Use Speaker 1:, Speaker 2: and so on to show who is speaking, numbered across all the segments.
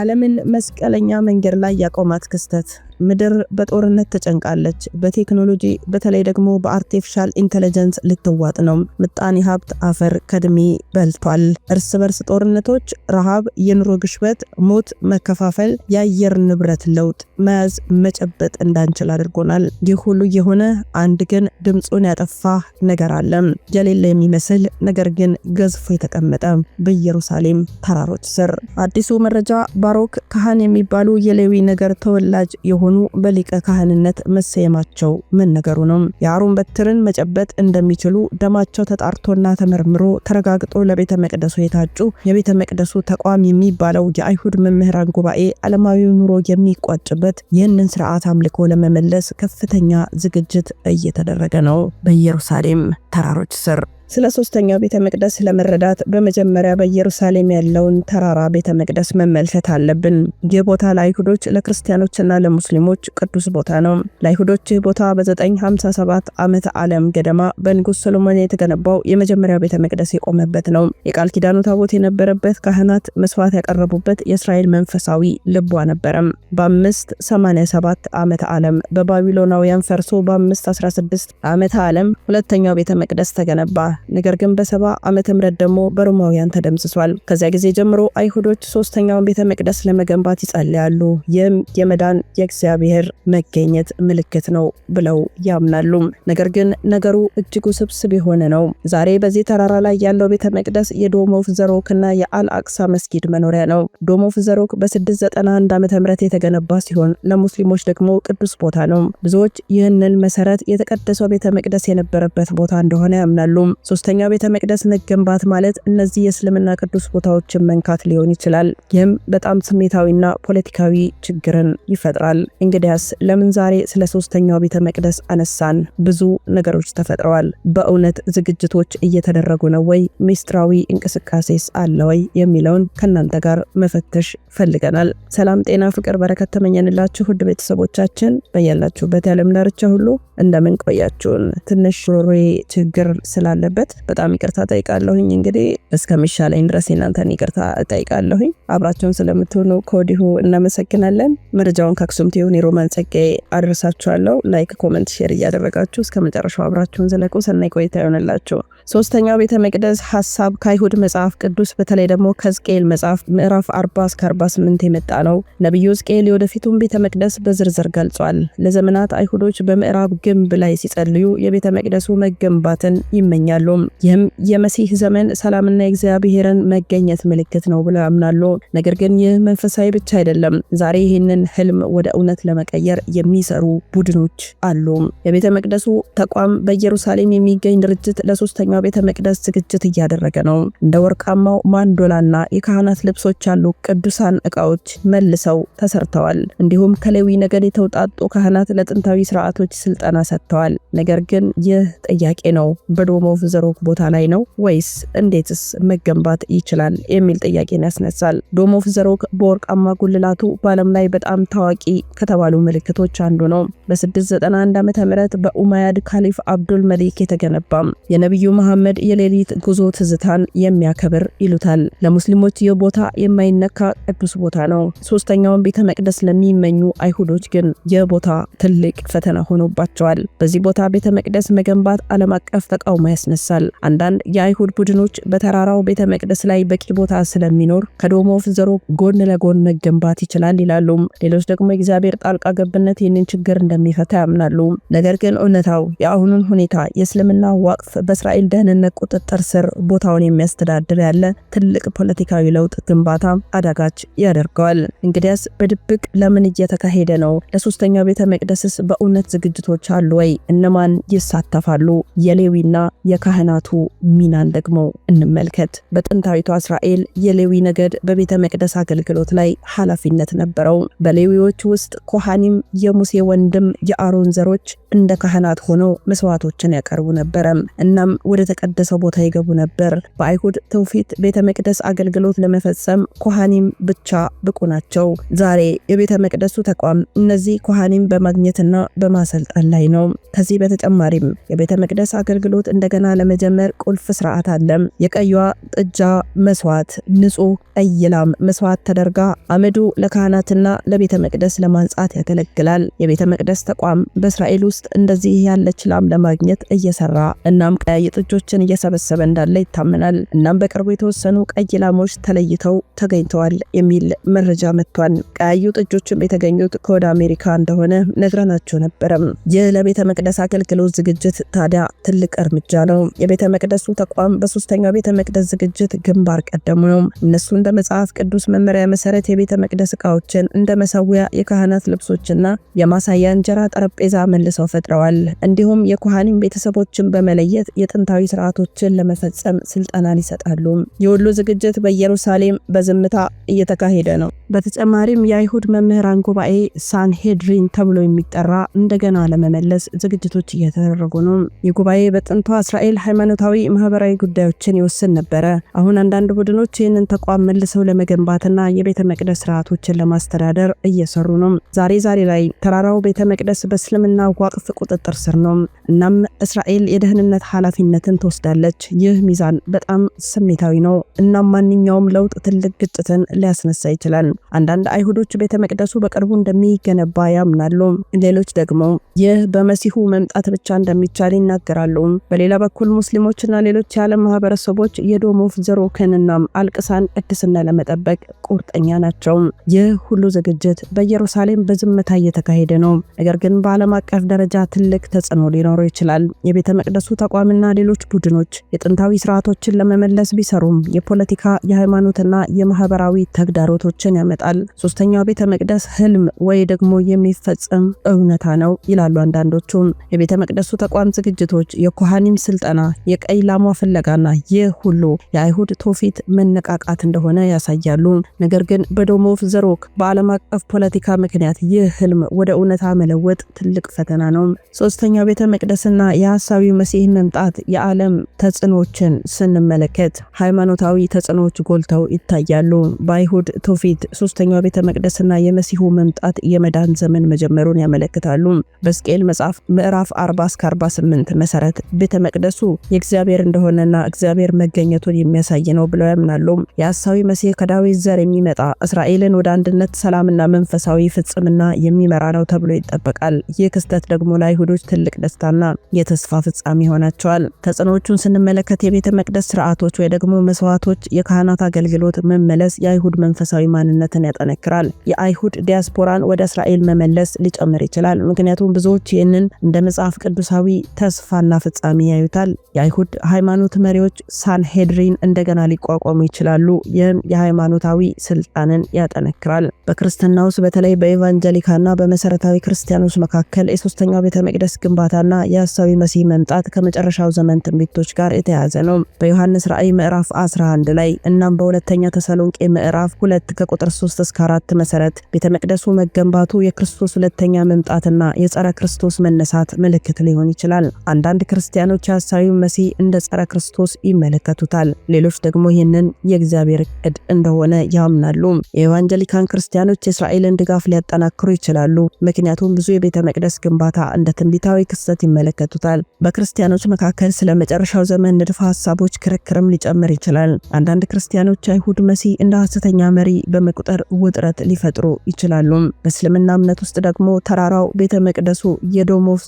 Speaker 1: ዓለምን መስቀለኛ መንገድ ላይ ያቆማት ክስተት ምድር በጦርነት ተጨንቃለች። በቴክኖሎጂ በተለይ ደግሞ በአርቲፊሻል ኢንቴሊጀንስ ልትዋጥ ነው። ምጣኔ ሀብት አፈር ከድሜ በልቷል። እርስ በርስ ጦርነቶች፣ ረሃብ፣ የኑሮ ግሽበት፣ ሞት፣ መከፋፈል፣ የአየር ንብረት ለውጥ መያዝ መጨበጥ እንዳንችል አድርጎናል። ይህ ሁሉ የሆነ አንድ ግን ድምፁን ያጠፋ ነገር አለ፣ የሌለ የሚመስል ነገር ግን ገዝፎ የተቀመጠ በኢየሩሳሌም ተራሮች ስር። አዲሱ መረጃ ባሮክ ካህን የሚባሉ የሌዊ ነገር ተወላጅ የሆኑ ሲሆኑ በሊቀ ካህንነት መሰየማቸው መነገሩ ነው። የአሮን በትርን መጨበጥ እንደሚችሉ ደማቸው ተጣርቶና ተመርምሮ ተረጋግጦ ለቤተ መቅደሱ የታጩ የቤተ መቅደሱ ተቋም የሚባለው የአይሁድ መምህራን ጉባኤ ዓለማዊ ኑሮ የሚቋጭበት ይህንን ስርዓት አምልኮ ለመመለስ ከፍተኛ ዝግጅት እየተደረገ ነው። በኢየሩሳሌም ተራሮች ስር ስለ ሶስተኛው ቤተ መቅደስ ለመረዳት በመጀመሪያ በኢየሩሳሌም ያለውን ተራራ ቤተ መቅደስ መመልከት አለብን። ይህ ቦታ ለአይሁዶች ለክርስቲያኖችና ለሙስሊሞች ቅዱስ ቦታ ነው። ለአይሁዶች ይህ ቦታ በ957 ዓመተ ዓለም ገደማ በንጉሥ ሰሎሞን የተገነባው የመጀመሪያው ቤተ መቅደስ የቆመበት ነው። የቃል ኪዳኑ ታቦት የነበረበት፣ ካህናት መስዋዕት ያቀረቡበት የእስራኤል መንፈሳዊ ልቧ ነበረም። በ587 ዓመተ ዓለም በባቢሎናውያን ፈርሶ በ516 ዓመተ ዓለም ሁለተኛው ቤተ መቅደስ ተገነባ። ነገር ግን በሰባ ዓመተ ምህረት ደግሞ በሮማውያን ተደምስሷል። ከዚያ ጊዜ ጀምሮ አይሁዶች ሶስተኛውን ቤተ መቅደስ ለመገንባት ይጸልያሉ። ይህም የመዳን የእግዚአብሔር መገኘት ምልክት ነው ብለው ያምናሉ። ነገር ግን ነገሩ እጅግ ውስብስብ የሆነ ነው። ዛሬ በዚህ ተራራ ላይ ያለው ቤተ መቅደስ የዶሞፍ ዘሮክ እና የአልአቅሳ መስጊድ መኖሪያ ነው። ዶሞፍ ዘሮክ በ691 ዓ ም የተገነባ ሲሆን ለሙስሊሞች ደግሞ ቅዱስ ቦታ ነው። ብዙዎች ይህንን መሰረት የተቀደሰው ቤተ መቅደስ የነበረበት ቦታ እንደሆነ ያምናሉ። ሶስተኛው ቤተ መቅደስ መገንባት ማለት እነዚህ የእስልምና ቅዱስ ቦታዎችን መንካት ሊሆን ይችላል። ይህም በጣም ስሜታዊና ፖለቲካዊ ችግርን ይፈጥራል። እንግዲያስ ለምን ዛሬ ስለ ሶስተኛው ቤተ መቅደስ አነሳን? ብዙ ነገሮች ተፈጥረዋል። በእውነት ዝግጅቶች እየተደረጉ ነው ወይ? ሚስጥራዊ እንቅስቃሴስ አለ ወይ? የሚለውን ከእናንተ ጋር መፈተሽ ፈልገናል። ሰላም፣ ጤና፣ ፍቅር፣ በረከት ተመኘንላችሁ ውድ ቤተሰቦቻችን በያላችሁበት ያለም ዳርቻ ሁሉ እንደምን ቆያችሁን? ትንሽ ሮሮ ችግር ስላለበት ባላችሁበት በጣም ይቅርታ ጠይቃለሁኝ። እንግዲህ እስከሚሻለኝ ድረስ የናንተን ይቅርታ ጠይቃለሁኝ። አብራቸውን ስለምትሆኑ ከወዲሁ እናመሰግናለን። መረጃውን ከአክሱም ቲዩብ ሮማን ጸጌ አደረሳችኋለሁ። ላይክ፣ ኮመንት፣ ሼር እያደረጋችሁ እስከ መጨረሻው አብራችሁን ዘለቁ። ሰናይ ቆይታ ይሆንላችሁ። ሶስተኛው ቤተ መቅደስ ሀሳብ ከአይሁድ መጽሐፍ ቅዱስ በተለይ ደግሞ ከዝቅኤል መጽሐፍ ምዕራፍ 40 እስከ 48 የመጣ ነው። ነቢዩ ዝቅኤል የወደፊቱን ቤተ መቅደስ በዝርዝር ገልጿል። ለዘመናት አይሁዶች በምዕራብ ግንብ ላይ ሲጸልዩ የቤተ መቅደሱ መገንባትን ይመኛሉ። ይህም የመሲህ ዘመን ሰላምና የእግዚአብሔርን መገኘት ምልክት ነው ብለው ያምናሉ። ነገር ግን ይህ መንፈሳዊ ብቻ አይደለም። ዛሬ ይህንን ህልም ወደ እውነት ለመቀየር የሚሰሩ ቡድኖች አሉ። የቤተ መቅደሱ ተቋም በኢየሩሳሌም የሚገኝ ድርጅት ለሶስተኛው ለዋናው ቤተ መቅደስ ዝግጅት እያደረገ ነው። እንደ ወርቃማው ማንዶላና የካህናት ልብሶች ያሉ ቅዱሳን እቃዎች መልሰው ተሰርተዋል። እንዲሁም ከሌዊ ነገድ የተውጣጡ ካህናት ለጥንታዊ ስርዓቶች ስልጠና ሰጥተዋል። ነገር ግን ይህ ጥያቄ ነው። በዶም ኦፍ ዘ ሮክ ቦታ ላይ ነው ወይስ እንዴትስ መገንባት ይችላል የሚል ጥያቄን ያስነሳል። ዶም ኦፍ ዘ ሮክ በወርቃማ ጉልላቱ በዓለም ላይ በጣም ታዋቂ ከተባሉ ምልክቶች አንዱ ነው። በ691 ዓ ም በኡማያድ ካሊፍ አብዱል መሊክ የተገነባም የነቢዩ መሐመድ የሌሊት ጉዞ ትዝታን የሚያከብር ይሉታል። ለሙስሊሞች ይህ ቦታ የማይነካ ቅዱስ ቦታ ነው። ሶስተኛውን ቤተ መቅደስ ለሚመኙ አይሁዶች ግን ይህ ቦታ ትልቅ ፈተና ሆኖባቸዋል። በዚህ ቦታ ቤተ መቅደስ መገንባት ዓለም አቀፍ ተቃውሞ ያስነሳል። አንዳንድ የአይሁድ ቡድኖች በተራራው ቤተ መቅደስ ላይ በቂ ቦታ ስለሚኖር ከዶሞፍ ዘሮ ጎን ለጎን መገንባት ይችላል ይላሉ። ሌሎች ደግሞ የእግዚአብሔር ጣልቃ ገብነት ይህንን ችግር እንደሚፈታ ያምናሉ። ነገር ግን እውነታው የአሁኑን ሁኔታ የእስልምና ዋቅፍ በእስራኤል ደህንነት ቁጥጥር ስር ቦታውን የሚያስተዳድር ያለ ትልቅ ፖለቲካዊ ለውጥ ግንባታ አዳጋች ያደርገዋል። እንግዲያስ በድብቅ ለምን እየተካሄደ ነው? ለሶስተኛው ቤተ መቅደስስ በእውነት ዝግጅቶች አሉ ወይ? እነማን ይሳተፋሉ? የሌዊና የካህናቱ ሚናን ደግሞ እንመልከት። በጥንታዊቷ እስራኤል የሌዊ ነገድ በቤተ መቅደስ አገልግሎት ላይ ኃላፊነት ነበረው። በሌዊዎች ውስጥ ኮሃኒም የሙሴ ወንድም የአሮን ዘሮች እንደ ካህናት ሆነው መስዋዕቶችን ያቀርቡ ነበረ። እናም ወደ የተቀደሰው ቦታ ይገቡ ነበር። በአይሁድ ትውፊት ቤተ መቅደስ አገልግሎት ለመፈጸም ኮሃኒም ብቻ ብቁ ናቸው። ዛሬ የቤተ መቅደሱ ተቋም እነዚህ ኮሃኒም በማግኘትና በማሰልጠን ላይ ነው። ከዚህ በተጨማሪም የቤተ መቅደስ አገልግሎት እንደገና ለመጀመር ቁልፍ ስርዓት አለም። የቀዩዋ ጥጃ መስዋዕት ንጹህ ቀይ ላም መስዋዕት ተደርጋ አመዱ ለካህናትና ለቤተ መቅደስ ለማንጻት ያገለግላል። የቤተ መቅደስ ተቋም በእስራኤል ውስጥ እንደዚህ ያለች ላም ለማግኘት እየሰራ እናም ቀያይ እጆችን እየሰበሰበ እንዳለ ይታመናል። እናም በቅርቡ የተወሰኑ ቀይ ላሞች ተለይተው ተገኝተዋል የሚል መረጃ መጥቷል። ቀያዩ ጥጆችም የተገኙት ከወደ አሜሪካ እንደሆነ ነግረናቸው ነበረም። ይህ ለቤተ መቅደስ አገልግሎት ዝግጅት ታዲያ ትልቅ እርምጃ ነው። የቤተ መቅደሱ ተቋም በሶስተኛው ቤተ መቅደስ ዝግጅት ግንባር ቀደሙ ነው። እነሱ እንደ መጽሐፍ ቅዱስ መመሪያ መሰረት የቤተ መቅደስ እቃዎችን እንደ መሰዊያ፣ የካህናት ልብሶችና የማሳያ እንጀራ ጠረጴዛ መልሰው ፈጥረዋል። እንዲሁም የኩሃኒም ቤተሰቦችን በመለየት የጥንታ ታሪካዊ ስርዓቶችን ለመፈጸም ስልጠናን ይሰጣሉ። የወሎ ዝግጅት በኢየሩሳሌም በዝምታ እየተካሄደ ነው። በተጨማሪም የአይሁድ መምህራን ጉባኤ ሳንሄድሪን ተብሎ የሚጠራ እንደገና ለመመለስ ዝግጅቶች እየተደረጉ ነው። ይህ ጉባኤ በጥንቷ እስራኤል ሃይማኖታዊ፣ ማህበራዊ ጉዳዮችን ይወስን ነበረ። አሁን አንዳንድ ቡድኖች ይህንን ተቋም መልሰው ለመገንባትና የቤተ መቅደስ ስርዓቶችን ለማስተዳደር እየሰሩ ነው። ዛሬ ዛሬ ላይ ተራራው ቤተ መቅደስ በእስልምና ዋቅፍ ቁጥጥር ስር ነው። እናም እስራኤል የደህንነት ኃላፊነት ኃላፊነትን ትወስዳለች። ይህ ሚዛን በጣም ስሜታዊ ነው እና ማንኛውም ለውጥ ትልቅ ግጭትን ሊያስነሳ ይችላል። አንዳንድ አይሁዶች ቤተ መቅደሱ በቅርቡ እንደሚገነባ ያምናሉ፣ ሌሎች ደግሞ ይህ በመሲሁ መምጣት ብቻ እንደሚቻል ይናገራሉ። በሌላ በኩል ሙስሊሞችና ሌሎች የዓለም ማህበረሰቦች የዶሞፍ ዘሮክንና አልቅሳን ቅድስና ለመጠበቅ ቁርጠኛ ናቸው። ይህ ሁሉ ዝግጅት በኢየሩሳሌም በዝምታ እየተካሄደ ነው፣ ነገር ግን በዓለም አቀፍ ደረጃ ትልቅ ተጽዕኖ ሊኖረው ይችላል። የቤተ መቅደሱ ተቋምና ሌሎች ሌሎች ቡድኖች የጥንታዊ ስርዓቶችን ለመመለስ ቢሰሩም የፖለቲካ የሃይማኖትና የማህበራዊ ተግዳሮቶችን ያመጣል። ሶስተኛው ቤተ መቅደስ ህልም ወይ ደግሞ የሚፈጸም እውነታ ነው ይላሉ አንዳንዶቹም። የቤተ መቅደሱ ተቋም ዝግጅቶች፣ የኮሃኒም ስልጠና፣ የቀይ ላሟ ፍለጋና ይህ ሁሉ የአይሁድ ትውፊት መነቃቃት እንደሆነ ያሳያሉ። ነገር ግን በዶሞቭ ዘሮክ በዓለም አቀፍ ፖለቲካ ምክንያት ይህ ህልም ወደ እውነታ መለወጥ ትልቅ ፈተና ነው። ሶስተኛው ቤተ መቅደስና የሐሳዊው መሲህ መምጣት የዓለም ተጽዕኖዎችን ስንመለከት ሃይማኖታዊ ተጽዕኖዎች ጎልተው ይታያሉ። በአይሁድ ትውፊት ሶስተኛው ቤተ መቅደስና የመሲሁ መምጣት የመዳን ዘመን መጀመሩን ያመለክታሉ። በስቅኤል መጽሐፍ ምዕራፍ 40 እስከ 48 መሰረት ቤተ መቅደሱ የእግዚአብሔር እንደሆነና እግዚአብሔር መገኘቱን የሚያሳይ ነው ብለው ያምናሉ። የአሳዊ መሲህ ከዳዊት ዘር የሚመጣ እስራኤልን ወደ አንድነት፣ ሰላምና መንፈሳዊ ፍጽምና የሚመራ ነው ተብሎ ይጠበቃል። ይህ ክስተት ደግሞ ለአይሁዶች ትልቅ ደስታና የተስፋ ፍጻሜ ይሆናቸዋል። ተጽዕኖዎቹን ስንመለከት የቤተ መቅደስ ስርዓቶች ወይ ደግሞ መስዋዕቶች፣ የካህናት አገልግሎት መመለስ የአይሁድ መንፈሳዊ ማንነትን ያጠነክራል። የአይሁድ ዲያስፖራን ወደ እስራኤል መመለስ ሊጨምር ይችላል። ምክንያቱም ብዙዎች ይህንን እንደ መጽሐፍ ቅዱሳዊ ተስፋና ፍጻሜ ያዩታል። የአይሁድ ሃይማኖት መሪዎች ሳንሄድሪን እንደገና ሊቋቋሙ ይችላሉ። ይህም የሃይማኖታዊ ስልጣንን ያጠነክራል። በክርስትና ውስጥ በተለይ በኤቫንጀሊካና በመሰረታዊ ክርስቲያኖች መካከል የሶስተኛው ቤተ መቅደስ ግንባታና የሐሳዊ መሲህ መምጣት ከመጨረሻው ዘመን ትንቢቶች ጋር የተያዘ ነው። በዮሐንስ ራእይ ምዕራፍ 11 ላይ እናም በሁለተኛ ተሰሎንቄ ምዕራፍ 2 ከቁጥር 3 እስከ 4 መሰረት ቤተ መቅደሱ መገንባቱ የክርስቶስ ሁለተኛ መምጣትና የጸረ ክርስቶስ መነሳት ምልክት ሊሆን ይችላል። አንዳንድ ክርስቲያኖች ሐሳዊው መሲህ እንደ ጸረ ክርስቶስ ይመለከቱታል። ሌሎች ደግሞ ይህንን የእግዚአብሔር እቅድ እንደሆነ ያምናሉ። የኤቫንጀሊካን ክርስቲያኖች የእስራኤልን ድጋፍ ሊያጠናክሩ ይችላሉ፣ ምክንያቱም ብዙ የቤተ መቅደስ ግንባታ እንደ ትንቢታዊ ክስተት ይመለከቱታል። በክርስቲያኖች መካከል ስለ በመጨረሻው ዘመን ንድፈ ሀሳቦች ክርክርም ሊጨምር ይችላል። አንዳንድ ክርስቲያኖች አይሁድ መሲህ እንደ ሐሰተኛ መሪ በመቁጠር ውጥረት ሊፈጥሩ ይችላሉ። በእስልምና እምነት ውስጥ ደግሞ ተራራው ቤተ መቅደሱ፣ የዶም ኦፍ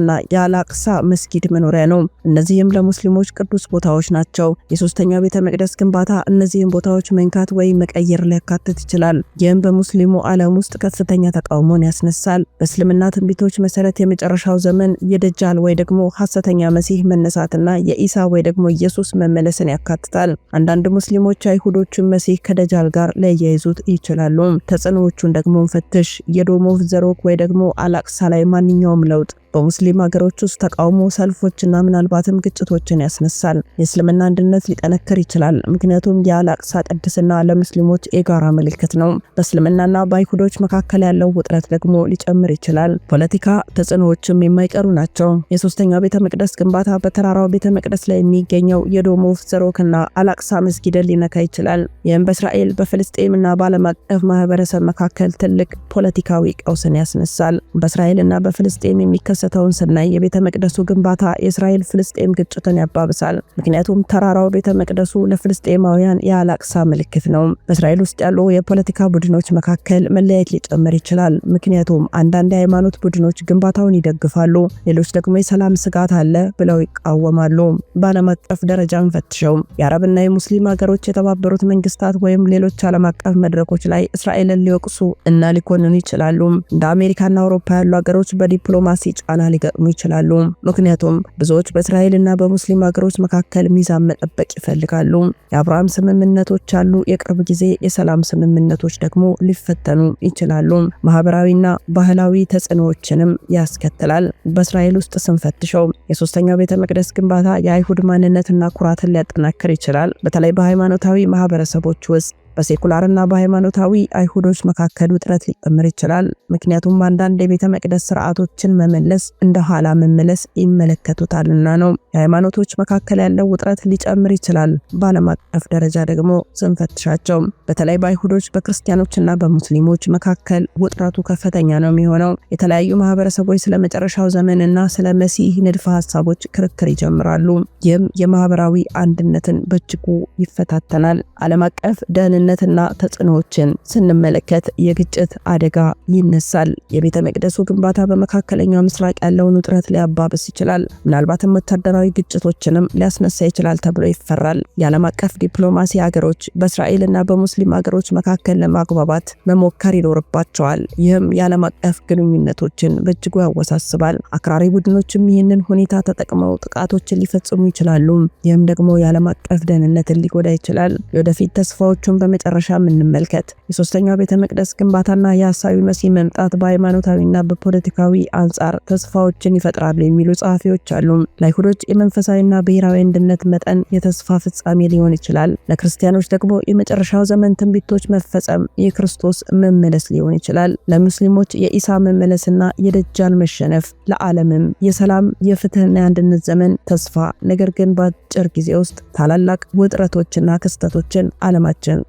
Speaker 1: እና የአላቅሳ መስጊድ መኖሪያ ነው። እነዚህም ለሙስሊሞች ቅዱስ ቦታዎች ናቸው። የሶስተኛው ቤተ መቅደስ ግንባታ እነዚህን ቦታዎች መንካት ወይም መቀየር ሊያካትት ይችላል። ይህም በሙስሊሙ ዓለም ውስጥ ከፍተኛ ተቃውሞን ያስነሳል። በእስልምና ትንቢቶች መሰረት የመጨረሻው ዘመን የደጃል ወይ ደግሞ ሐሰተኛ መሲህ መነሳት መምጣትና የኢሳ ወይ ደግሞ ኢየሱስ መመለስን ያካትታል። አንዳንድ ሙስሊሞች አይሁዶቹን መሲህ ከደጃል ጋር ለያይዙት ይችላሉ። ተጽዕኖዎቹን ደግሞ ፈትሽ የዶሞቭ ዘሮክ ወይ ደግሞ አላቅሳ ላይ ማንኛውም ለውጥ በሙስሊም ሀገሮች ውስጥ ተቃውሞ ሰልፎችና ምናልባትም ግጭቶችን ያስነሳል። የእስልምና አንድነት ሊጠነክር ይችላል፣ ምክንያቱም የአላቅሳ ቅድስና ለሙስሊሞች የጋራ ምልክት ነው። በእስልምናና በአይሁዶች መካከል ያለው ውጥረት ደግሞ ሊጨምር ይችላል። ፖለቲካ ተጽዕኖዎችም የማይቀሩ ናቸው። የሶስተኛው ቤተ መቅደስ ግንባታ በተራራው ቤተ መቅደስ ላይ የሚገኘው የዶም ኦፍ ዘሮክና አል-አቅሳ መስጊድን ሊነካ ይችላል። ይህም በእስራኤል በፍልስጤምና በዓለም አቀፍ ማህበረሰብ መካከል ትልቅ ፖለቲካዊ ቀውስን ያስነሳል። በእስራኤልና በፍልስጤም የሚከሰ የተከሰተውን ስናይ የቤተ መቅደሱ ግንባታ የእስራኤል ፍልስጤም ግጭትን ያባብሳል። ምክንያቱም ተራራው ቤተ መቅደሱ ለፍልስጤማውያን የአላቅሳ ምልክት ነው። በእስራኤል ውስጥ ያሉ የፖለቲካ ቡድኖች መካከል መለያየት ሊጨምር ይችላል። ምክንያቱም አንዳንድ የሃይማኖት ቡድኖች ግንባታውን ይደግፋሉ፣ ሌሎች ደግሞ የሰላም ስጋት አለ ብለው ይቃወማሉ። በዓለም አቀፍ ደረጃ ፈትሸው የአረብና የሙስሊም ሀገሮች የተባበሩት መንግስታት ወይም ሌሎች ዓለም አቀፍ መድረኮች ላይ እስራኤልን ሊወቅሱ እና ሊኮንኑ ይችላሉ። እንደ አሜሪካና አውሮፓ ያሉ ሀገሮች በዲፕሎማሲ ጫ ጫና ሊገጥሙ ይችላሉ። ምክንያቱም ብዙዎች በእስራኤልና በሙስሊም ሀገሮች መካከል ሚዛን መጠበቅ ይፈልጋሉ። የአብርሃም ስምምነቶች አሉ የቅርብ ጊዜ የሰላም ስምምነቶች ደግሞ ሊፈተኑ ይችላሉ። ማህበራዊና ባህላዊ ተጽዕኖዎችንም ያስከትላል። በእስራኤል ውስጥ ስንፈትሸው የሶስተኛው ቤተ መቅደስ ግንባታ የአይሁድ ማንነትና ኩራትን ሊያጠናክር ይችላል። በተለይ በሃይማኖታዊ ማህበረሰቦች ውስጥ በሴኩላርና በሃይማኖታዊ አይሁዶች መካከል ውጥረት ሊጨምር ይችላል። ምክንያቱም አንዳንድ የቤተ መቅደስ ስርዓቶችን መመለስ እንደ ኋላ መመለስ ይመለከቱታልና ነው። የሃይማኖቶች መካከል ያለው ውጥረት ሊጨምር ይችላል። በዓለም አቀፍ ደረጃ ደግሞ ስንፈትሻቸው በተለይ በአይሁዶች በክርስቲያኖችና በሙስሊሞች መካከል ውጥረቱ ከፍተኛ ነው የሚሆነው። የተለያዩ ማህበረሰቦች ስለ መጨረሻው ዘመንና ስለ መሲህ ንድፈ ሀሳቦች ክርክር ይጀምራሉ። ይህም የማህበራዊ አንድነትን በእጅጉ ይፈታተናል። ዓለም አቀፍ ደህንነት ስምምነትና ተጽዕኖዎችን ስንመለከት የግጭት አደጋ ይነሳል። የቤተ መቅደሱ ግንባታ በመካከለኛው ምስራቅ ያለውን ውጥረት ሊያባብስ ይችላል፣ ምናልባትም ወታደራዊ ግጭቶችንም ሊያስነሳ ይችላል ተብሎ ይፈራል። የዓለም አቀፍ ዲፕሎማሲ ሀገሮች በእስራኤልና በሙስሊም ሀገሮች መካከል ለማግባባት መሞከር ይኖርባቸዋል። ይህም የዓለም አቀፍ ግንኙነቶችን በእጅጉ ያወሳስባል። አክራሪ ቡድኖችም ይህንን ሁኔታ ተጠቅመው ጥቃቶችን ሊፈጽሙ ይችላሉ። ይህም ደግሞ የዓለም አቀፍ ደህንነትን ሊጎዳ ይችላል። የወደፊት ተስፋዎቹን መጨረሻ እንመልከት። የሶስተኛው ቤተ መቅደስ ግንባታና የሐሳዊ መሲህ መምጣት በሃይማኖታዊና በፖለቲካዊ አንጻር ተስፋዎችን ይፈጥራሉ የሚሉ ጸሐፊዎች አሉ። ለአይሁዶች የመንፈሳዊና ብሔራዊ አንድነት መጠን የተስፋ ፍጻሜ ሊሆን ይችላል። ለክርስቲያኖች ደግሞ የመጨረሻው ዘመን ትንቢቶች መፈጸም፣ የክርስቶስ መመለስ ሊሆን ይችላል። ለሙስሊሞች የኢሳ መመለስና የደጃል መሸነፍ፣ ለዓለምም የሰላም የፍትህና የአንድነት ዘመን ተስፋ ነገር ግን በአጭር ጊዜ ውስጥ ታላላቅ ውጥረቶችና ክስተቶችን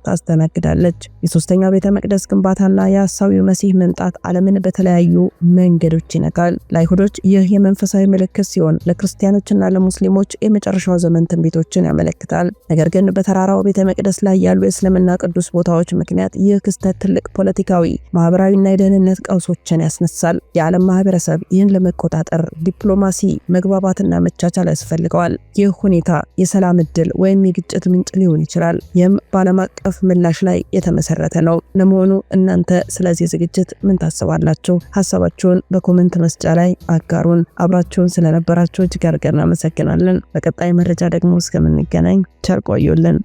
Speaker 1: ታ ታስተናግዳለች። የሶስተኛው ቤተ መቅደስ ግንባታና የሐሳዊው መሲህ መምጣት ዓለምን በተለያዩ መንገዶች ይነካል። ለአይሁዶች ይህ የመንፈሳዊ ምልክት ሲሆን ለክርስቲያኖችና ለሙስሊሞች የመጨረሻው ዘመን ትንቢቶችን ያመለክታል። ነገር ግን በተራራው ቤተ መቅደስ ላይ ያሉ የእስልምና ቅዱስ ቦታዎች ምክንያት ይህ ክስተት ትልቅ ፖለቲካዊ፣ ማህበራዊና የደህንነት ቀውሶችን ያስነሳል። የዓለም ማህበረሰብ ይህን ለመቆጣጠር ዲፕሎማሲ፣ መግባባትና መቻቻል ያስፈልገዋል። ይህ ሁኔታ የሰላም እድል ወይም የግጭት ምንጭ ሊሆን ይችላል። ይህም በዓለም አቀፍ ምላሽ ላይ የተመሰረተ ነው። ለመሆኑ እናንተ ስለዚህ ዝግጅት ምን ታስባላችሁ? ሀሳባችሁን በኮመንት መስጫ ላይ አጋሩን። አብራችሁን ስለነበራችሁ እጅግ አድርገን እናመሰግናለን። በቀጣይ መረጃ ደግሞ እስከምንገናኝ ቸር ቆዩልን።